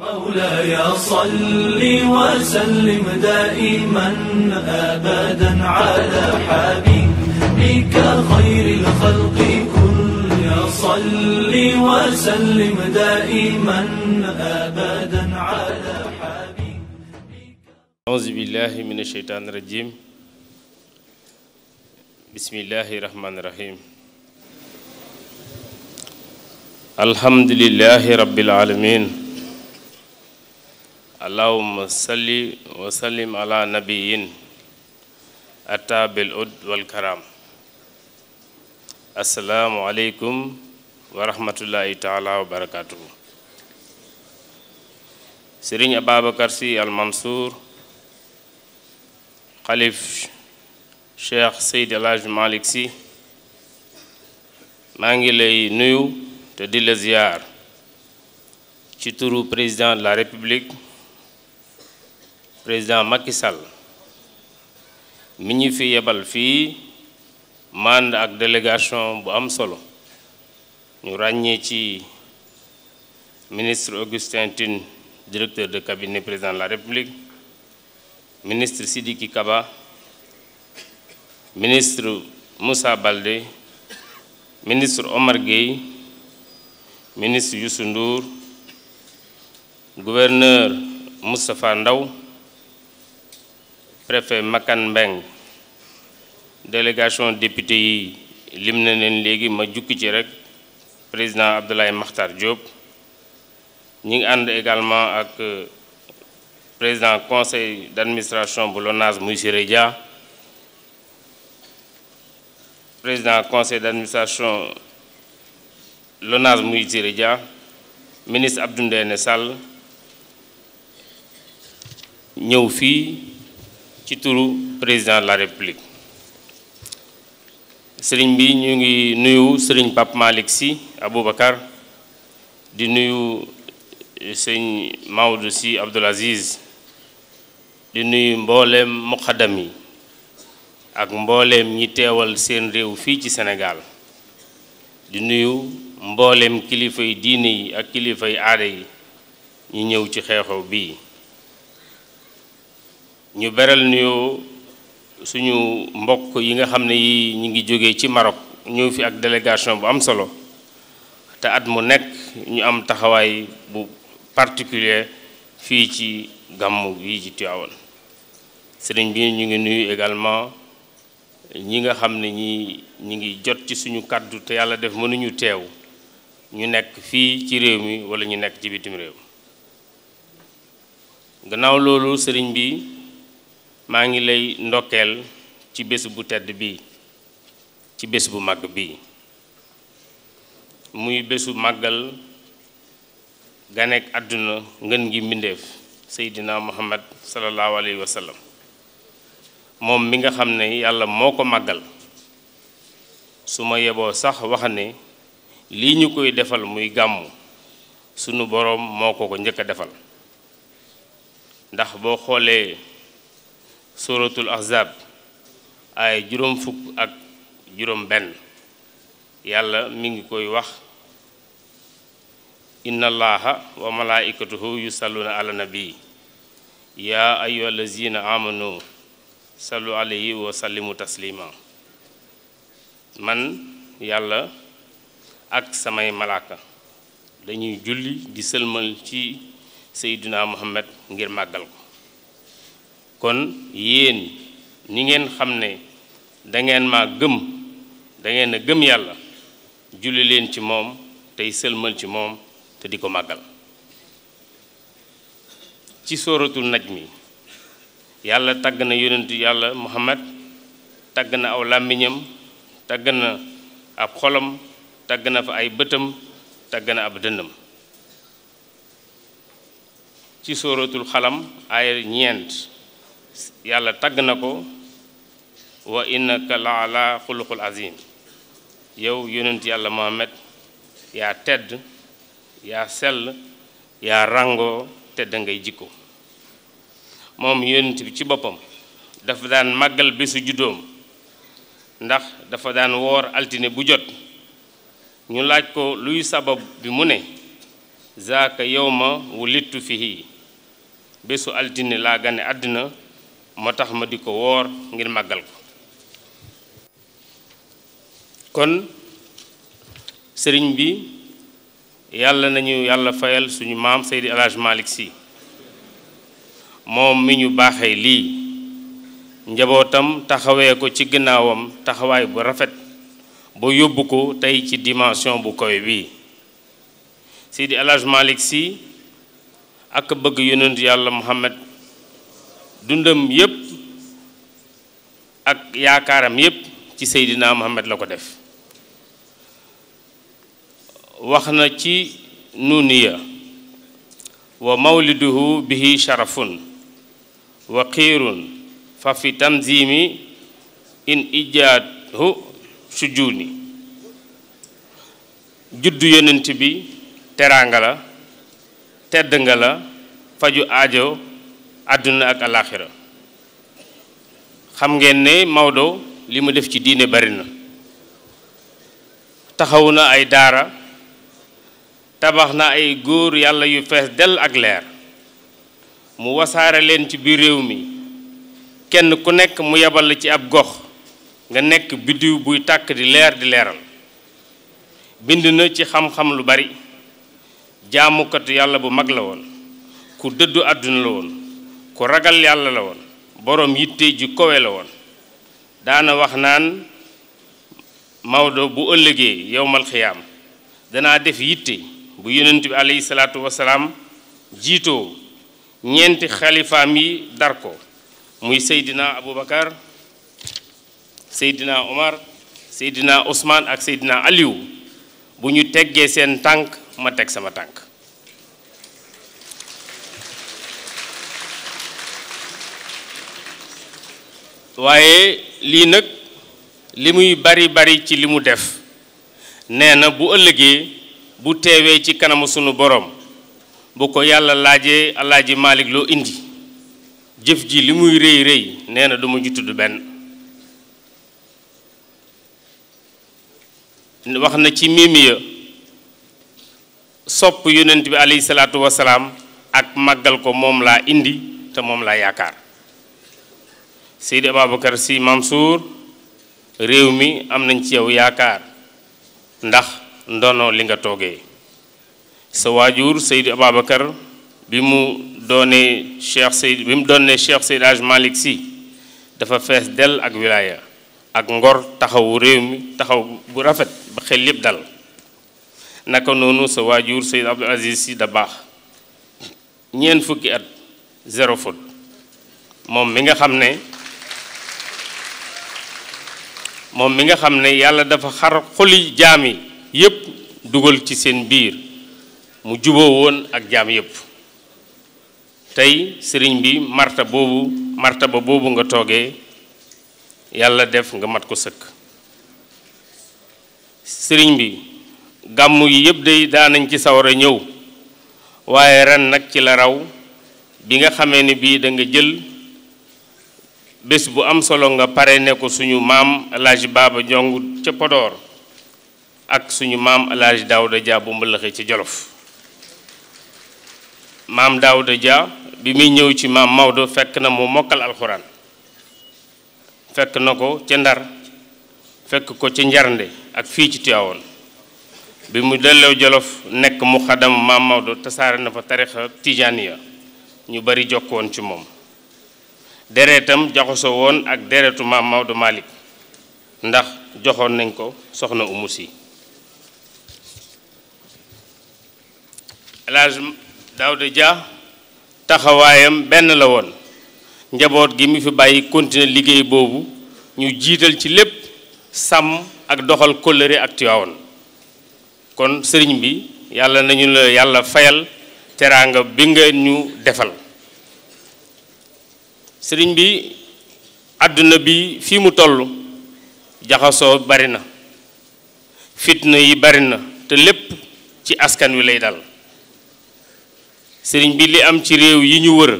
مولاي صل وسلم دائما ابدا على حبيبك خير الخلق كل صل وسلم دائما ابدا على حبيبك اعوذ بالله من الشيطان الرجيم بسم الله الرحمن الرحيم الحمد لله رب العالمين اللهم صل وسلم على نبيين أتى بالأد والكرام السلام عليكم ورحمة الله تعالى وبركاته سيرين أبا كرسي المنصور خليف شيخ سيد الله Hadj سي Sy لي نيو lay nuyu te di la ziyaar président président Macky Sall mi ñu fi délégation bu am solo ñu ministre Augustin Tin, directeur de cabinet président de la République ministre Sidiki Kaba ministre Moussa Balde, ministre Omar Gay, ministre Youssou Ndour gouverneur Moustapha Ndaw préfet Makan Beng, délégation députée yi lim na président Abdoulaye Makhtar Diop ñi ngi également ak euh, président conseil d'administration de l'ONAS muy président président président conseil d'administration Lonaz muy ministre Abdou Nessal, Sall ci turu président de la république sëriñ bi ñu ngi nuyu sëriñ Pape Malick Sy Aboubacar di nuyu eh, sëñ Maodo si Abdoul Aziz di nuyu mbooleem muqaddam yi ak mbooleem ñi teewal seen réew fii ci Sénégal di nuyu mbooleem kilifay diine yi ak kilifay aada yi ñu ñëw ci xew bii ñu beral nuyoo suñu mbokk yi nga xam ne yi ñu ngi jógee ci Maroc ñëw fi ak délégation bu am solo te at mu nekk ñu am taxawaay bu particulier fii ci gàmmu yi ci Tivaouane sëriñ bi ñu ngi nuyu également ñi nga xam ne ñi ñi ngi jot ci suñu kàddu te yàlla def mënuñu teew ñu nekk fii ci réew mi wala ñu nekk ci bitim réew gannaaw loolu sëriñ bi maa ngi lay ndokkeel ci bés bu tedd bi ci bés bu màgg bi muy bésu màggal ganek àdduna ngën gi mbindeef seydina muhammad sallallahu alayhi wa moom mi nga xam ne yàlla moo ko màggal su ma yeboo sax wax ne lii ñu koy defal muy gàmmu sunu boroom moo ko ko njëkk defal ndax boo xoolee suratul ahzab ay juróom fukk ak juróom benn yàlla mi ngi koy wax inna allaha wa malaikatuhu yusalluna ala nabi ya ayyuha allazina amanu sallu alayhi wa sallimu taslima man yàlla ak samay malaaka dañuy julli di sëlmal ci seyduna muhammad ngir màggal ko kon yéen ñi ngeen xam ne dangeen ma gëm dangeen a gëm yàlla julli leen ci moom tey sëlmal ci moom te di ko màggal ci sóoratul naj mi yàlla tagg na yonentu yàlla muhammad tagg na aw làmmiñam tagg na ab xolam tagg na fa ay bëtam tagg na ab dënnam ci sóoratul xalam aaya ñeent yàlla tagg na ko wa innaka la ala xuluqul azim yow yonent yàlla Muhammad yaa tedd yaa sell yaa ràngoo tedd ngay jikko moom yonent ci boppam dafa daan màggal bésu juddoom ndax dafa daan woor altine bu jot ñu laaj ko luy sabab bi mu ne zaaka yawma wulittu fihi bésu altine laa gane àddina moo tax ma di ko woor ngir màggal ko kon sëriñ bi yàlla nañu yàlla fayal suñu maam Seydi El Hadj Malick moom mi ñu baaxee lii njabootam taxawee ko ci ginnaawam taxawaay bu rafet ba yóbbu ko tey ci dimension bu koy bii Seydi El Hadj Malick Sy ak bëgg yonent yàlla Muhammad dundam yépp ak yaakaaram yépp ci sayidina Muhammad la ko def wax na ci nuniya wa mawliduhu bihi sharafun wa xiirun fa fi tanzimi in ijadhu sujuni juddu yonent bi teranga la tedd nga la faju aajo àdduna ak alaaxira xam ngeen ni Maodo li mu def ci diine bari na taxaw na ay daara tabax na ay góor yàlla yu fees dell ak leer mu wasaare leen ci biir réew mi kenn ku nekk mu yebal la ci ab gox nga nekk biddiw buy tàkk di leer di leeral bind na ci xam-xam lu bari jaamukat yàlla bu mag la woon ku dëddu àdduna la woon ku ragal yàlla la woon boroom yitte ju kowe la woon daana wax naan Maodo bu ëllëgee yowmal xiyaam danaa def yitte bu yonent bi aleyhi salaatu wasalaam jiitoo ñeenti xalifaam yi dar ko muy Seydina Aboubacar Seydina Omar Seydina Ousmane ak seydinaa aliw bu ñu teggee seen tànk ma teg sama tànk waaye lii nag li muy bari bari ci li mu def nee na bu ëllëgee bu teewee ci kanamu sunu boroom bu ko yàlla laajee alaaji Malick loo indi jëf ji li muy rëy rëy nee na du ma ju tudd benn wax na ci miimiya sopp yonent bi alayhi salaatu wasalaam ak màggal ko moom laa indi te moom laa yaakaar Seydi Ababacar Sy Mansour réew mi am nañ ci yow yaakaar ndax ndono li nga toogee sa waajur Seydi Ababacar bi mu doonee Cheikh Seydi bi mu doonee Cheikh Seydi Hadj Malick dafa fees dell ak wilaya ak ngor taxawu réew mi taxaw bu rafet ba xel yépp dal naka noonu sa waajur Seydi Abdou Aziz Sy Dabakh ñeent fukki at zéro faute moom mi nga xam ne moom mi nga xam ne yàlla dafa xar xoli jaam yi yépp dugal ci seen biir mu juboo woon ak jaam yépp tey sëriñ bi marta boobu marta ba boobu nga toogee yàlla def nga mat ko sëkk sëriñ bi gàmm yi yépp day daanañ ci sawar a ñëw waaye ren nag ci la raw bi nga xamee ne bii da jël bis bu am solo nga pare ne ko suñu maam alaaji baaba jong ca Podor ak suñu mam alaaji daawuda dia bu mbëlëxe ci Jolof mam daawuda dia bi muy ñëw ci maam Maodo fekk na mu mokkal alquran, fekk na ko ca Ndar fekk ko ca Njarnde ak fi ci Tiwaawoon bi mu delloo Jolof nek mu xadam mam mawdo tasare na fa tarixa tijaaniya ñu bari jokkoon ci moom deretam joxasoo woon ak deretu maam Maodo malik ndax joxoon nañ ko soxna Umu Si El Hadj Daouda taxawaayam benn la woon njaboot gi mu fi bàyyi continuer liggéey boobu ñu jiital ci lépp sàmm ak doxal kóllëre ak Tiwaawan kon sëriñ bi yàlla nañu la yàlla fayal teraanga bi nga ñu defal sëriñ bi àdduna bi fi mu toll jaxasoo bari na fitna yi bari na te lépp ci askan wi lay dal sëriñ bi li am ci réew yi ñu wër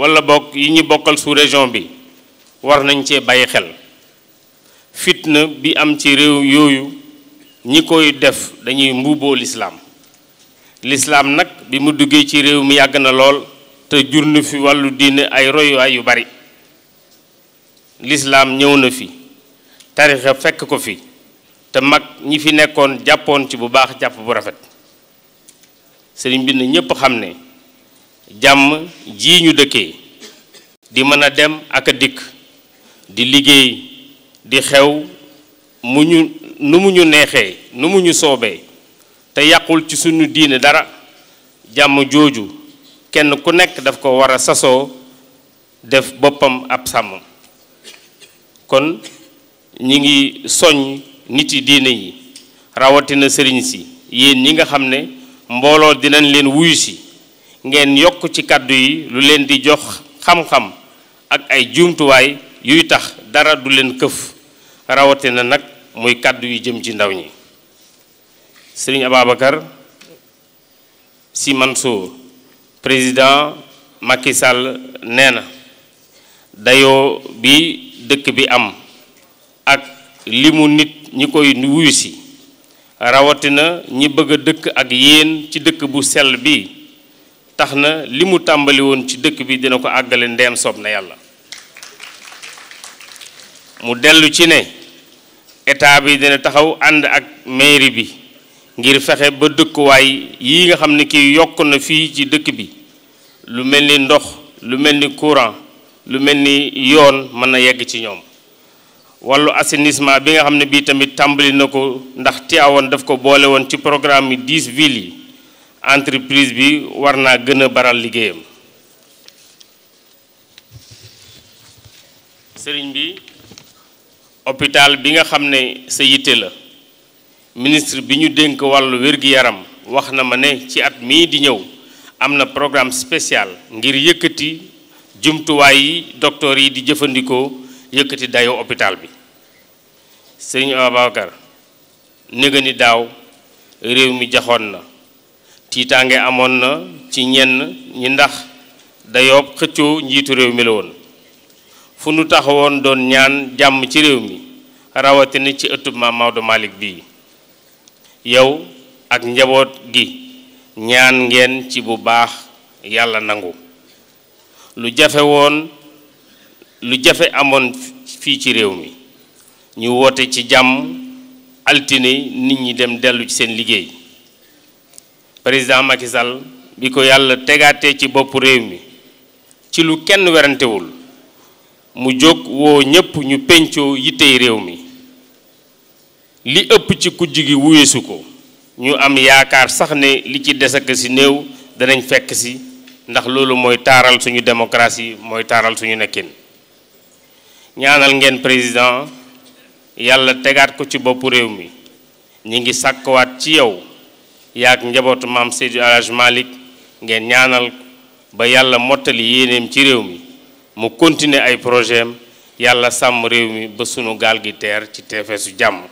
wala bokk yi ñu bokkal sous région bi war nañ cee bàyyi xel fitna bi am ci réew yooyu ñi koy def dañuy mbuuboo lislaam lislaam nag bi mu duggee ci réew mi yàgg na lool te jur nu fi wàllu diine ay royuwaay yu bari lislaam ñëw na fi tarixa fekk ko fi te mag ñi fi nekkoon jàppoon ci bu baax jàpp bu rafet sëriñ bi ne ñépp xam ne jàmm ji ñu dëkkee di mën a dem ak a dikk di liggéey di xew mu ñu nu mu ñu neexee nu mu ñu soobee te yàqul ci sunu diine dara jàmm jooju kenn ku nekk daf ko war a sasoo def boppam ab sàmm kon ñi ngi soññ nit yi diine yi rawatina sëriñ si yéen ñi nga xam ne mbooloo dinañ leen wuyu si ngeen yokk ci kàddu yi lu leen di jox xam-xam ak ay jumtuwaay yuy tax dara du leen këf rawatina nag muy kàddu yu jëm ci ndaw ñi sëriñ si man soo président Macky Sall nee na dayoo bi dëkk bi am ak limu nit ñi koy wuyu rawatina ñi bëgg a dëkk ak yéen ci dëkk bu sel bi tax na li mu tàmbali woon ci dëkk bi dina ko àggale ndeem soob na yàlla mu dellu ci ne état bi dina taxaw ànd ak mairie bi ngir fexe ba dëkkuwaay yi nga xam ne kii yokk na fii ci dëkk bi lu mel ni ndox lu mel ni courant lu mel ni yoon mën na yegg ci ñoom wàllu assainissement bi nga xam ne bii tamit tàmbali na ko ndax Tivaouane daf ko boole woon ci programme yi dix villes yi entreprise bi war naa gën a baral liggéeyam sëriñ bi hôpital bi nga xam ne sa yitte la ministre bi ñu dénk wàllu wér-gi-yaram wax na ma ne ci at mii di ñëw am na programme special ngir yëkkati jumtuwaay yi docteur yi di jëfandikoo yëkkati dayo hôpital bi sëñ Ababacar néga ni daaw réew mi jaxoon na tiitaange amoon na ci ñenn ñi ndax dayoob xëccoo njiitu réew mi la woon fu nu taxawoon doon ñaan jàmm ci réew mi rawatina ci ëttub Maam Maodo Malick bii yow ak njaboot gi ñaan ngeen ci bu baax yàlla nangu lu jafe woon lu jafe amoon fii ci réew mi ñu woote ci jàmm altine nit ñi dem dellu ci seen liggéey président makisal Sall bi ko yàlla tegaatee ci bopp réew mi ci lu kenn werantewul mu jóg woo ñépp ñu pencoo yittey réew mi li ëpp ci kujj gi wuyesu ko ñu am yaakaar sax ne li ci des ak si néew danañ fekk si ndax loolu mooy taaral suñu démocratie mooy taaral suñu nekkin ñaanal ngeen président yàlla tegaat ko ci boppu réew mi ñu ngi sàkkwaat ci yow yaag njabootu maam Seydi Alhaj Malick ngeen ñaanal ba yàlla mottali yéeneem ci réew mi mu continuer ay projet yàlla sàmm réew mi ba sunu gaal gi teer ci tefesu jàmm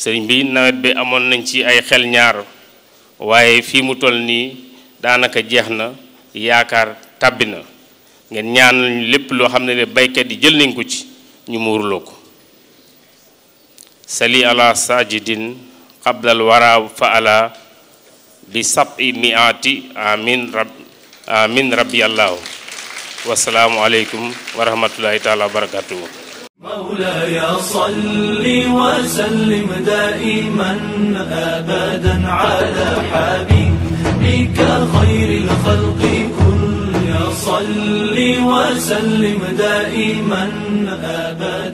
sëriñ bi nawet bi amoon nañ ci ay xel ñaar waaye fii mu toll nii daanaka jeex na yaakaar tàbbi na ngeen ñaan lépp loo xam ne baykat yi jël nañ ko ci ñu muurloo ko sali ala sajidin xablal wara fa ala bi sabi miati amin rab amin rabbi allahu wasalaamualeykum wa rahmatullahi taala wa مولاي صل وسلم دائما أبدا على حبيبك خير الخلق كل صل وسلم دائما أبدا